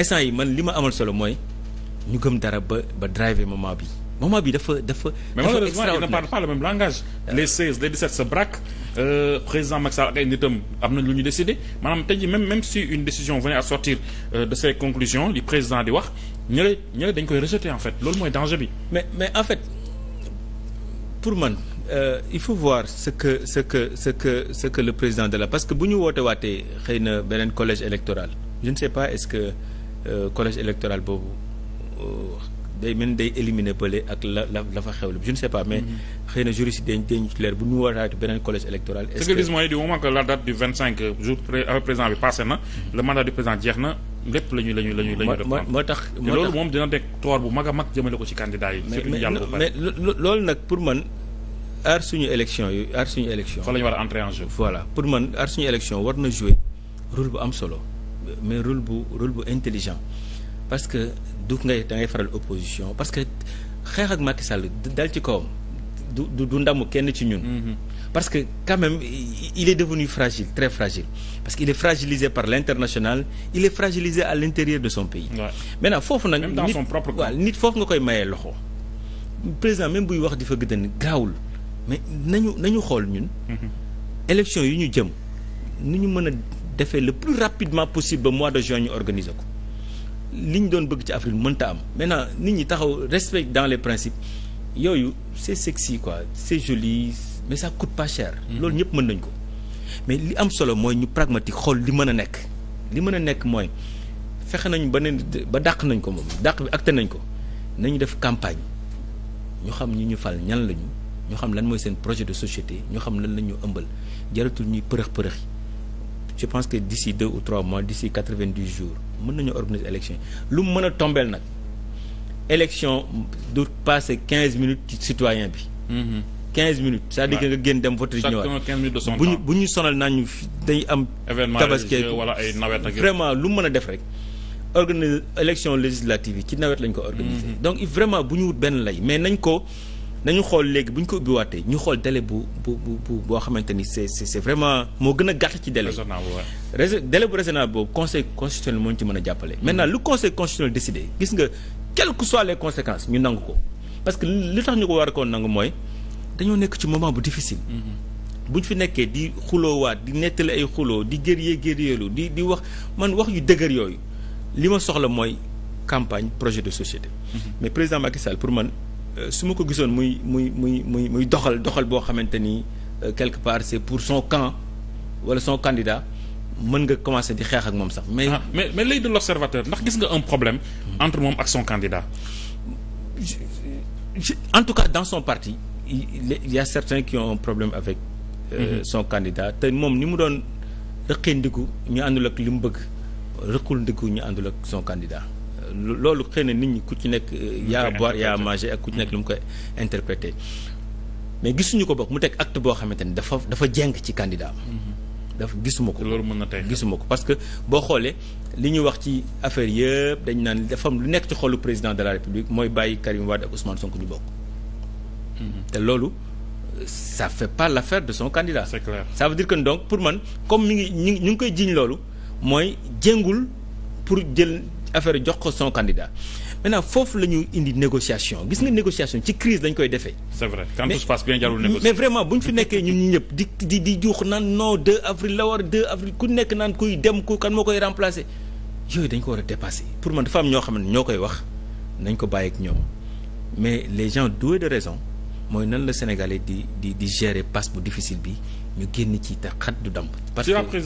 instant yi man li ma amal solo mooy ñu gëm dara ba ba driver moment bi moment bi dafa dafa. mais malheureusement ils ne parlent pas le même langage. Euh. les 16 les se braquent euh, président Macky Sall ak ay nitam am nañ lu ñu décidé maanaam tey ji même même si une décision venait à sortir euh, de ces conclusions li président di wax ñële ñële dañ koy rejeter en fait loolu mooy danger bi. mais mais en fait pour man. Euh, il faut voir ce que ce que ce que ce que le président de la parce que bu ñu woote xëy na beneen collège électoral je ne sais pas est-ce que euh, collège électoral boobu euh, day mel day éliminer bële ak la la la fa xewlu je ne sais pas mais mhm. xëy na juriste dañ dañ ci leer bu ñu waraat beneen collège électoral. est-ce que ce que gis mooy du moment que la euh, euh, na mhm. le mandat du président jeex na. lépp lañu moo tax moo loolu moom dina teg toor bu mag a mag jëmale ko ci candidat yi. surtout yàlla bu mais loolu nag pour man aar suñu élection yu aar suñu élection. fa la ñu war a entrer en jeu. voilà pour man aar suñu élection war na jouer rôle bu am solo. mais rôle bu rôle bu intelligent parce que du ngay da ngay faral opposition parce que xeex ak Macky Sall dal ci kawam du du du ndamu kenn ci ñun. Mhm. parce que quand même il est devenu fragile très fragile parce qu'il est fragilisé par l'international il est fragilisé à l'intérieur de son pays. Ouais. maintenant foofu nag. même dans son nit foofu nga koy mayee loxo. président même buy wax di fa gëdd gaawul mais nañu nañu xool ñun. Mhm. élection yi ñu jëm nu ñu mën a. defee le plus rapidement possible ba mois de juin ñu organiser ko li ñu doon bëgg ci avril mënta am maintenant nit ñi taxaw respect dans les principes yooyu c'est sexy quoi c'est joli mais ça coûte pas mhm. loolu ñëpp mën nañ ko mais li am solo mooy ñu pragmatique xool li mën a nekk li mën a nekk mooy fexe nañu ba ne ba dàq nañ ko moom dàq bi acte nañ ko nañu def campagne ñu xam ñu ñu fal ñan lañu ñu xam lan mooy seen projet de société ñu xam lan la ñu ëmbal jaratul ñuy përëx përëx je pense que d'ici deux ou trois mois d'ici quatre-vingt-dix jours mën nañu organiser élection lu mën a tombeel nag élection du passé quinze minutes ci citoyen bi. Mhm. quinze minutes. cest à nga génn dem voter ji bu ñu bu ñu sonal naa ñu dañuy am. tabaski wala ay nawet ak vraiment lu mën a def rek. organiser élection législative yi ci nawet lañ ko organiser. Mhm. donc vraiment bu ñu wut benn lay mais nañ ko. nañu xool léegi bu ñu ko ubbiwaatee ñu xool délai bu bu bu boo xamante ni c'est c'est vraiment moo gën a gàtt ci délai. raisonnable délai bu raisonnable boobu conseil constitutionnel moo ñu ci mën a jàppale. maintenant lu conseil constitutionnel décidé gis nga quelles que soient les conséquences ñu nangu ko parce que li tax ñu ko war a koo nangu mooy dañoo nekk ci moment bu difficile. Mm-hmm. bu ñu fi nekkee di xuloo waat di nettali ay xuloo di gërëyee gërëyeelu di di wax man wax yu dëgër yooyu li ma soxla mooy campagne projet de société. Mm-hmm. mais président Macky Sall pour man. Euh, su ma ko gisoon muy muy muy muy muy doxal doxal boo xamante ni euh, quelque part c'est pour son camp wala son candidat mën nga commencer di xeex ak moom sax. mais ah, mais mais l'œil de l'observateur ndax gis nga un problème. entre moom ak son candidat. en tout cas dans son parti il y a certains qui ont problème avec. Euh, mm-hmm. son candidat te moom ni mu doon rëqee ndigu ñu àndul ak li mu bëgg rëqul ndigu ñu àndul ak son candidat. loolu xëy na nit ñi ku ci nekk euh, yaa boire yaa manger ak ku ci nekk lu mu koy interprété mais gisuñu ko bokk mu teg acte boo xamante ni dafa dafa jeng ci candidat mm-hmm. dafa gisuma ko loolu mën na tey gisuma ko parce que boo xoolee li ñuy wax ci affaire yëpp dañ naan dafa lu nekk ci xoolu président de la république mooy bàyyi Karim Wade ak Ousmane Sonko ñu bokk mm-hmm. te loolu ça fait la l'affaire de son candidat c'est clair ça veut dire que donc pour man comme mi ngi ñu ngi koy jiiñ loolu mooy jéngul pour jël affaire jox ko son candidat maintenant foofu la ñu indi négociation gis nga négociation ci crise dañ koy defee. c'est vrai quand tout se passe bien jarul négocier. mais vraiment bu ñu fi nekkee ñun ñi ñëpp di di di juux naan non 2 avril la war 2 avril ku nekk naan kuy dem ku kan moo koy remplacer yooyu dañ ko war a dépasser pour man dafa am ñoo xam ne ñoo koy wax nañ ko bàyyi ak ñoom mais les gens doués de raison mooy nan la Sénégalais di di di gérer passe bu difficile bi ñu génn ci te xat du damp parce que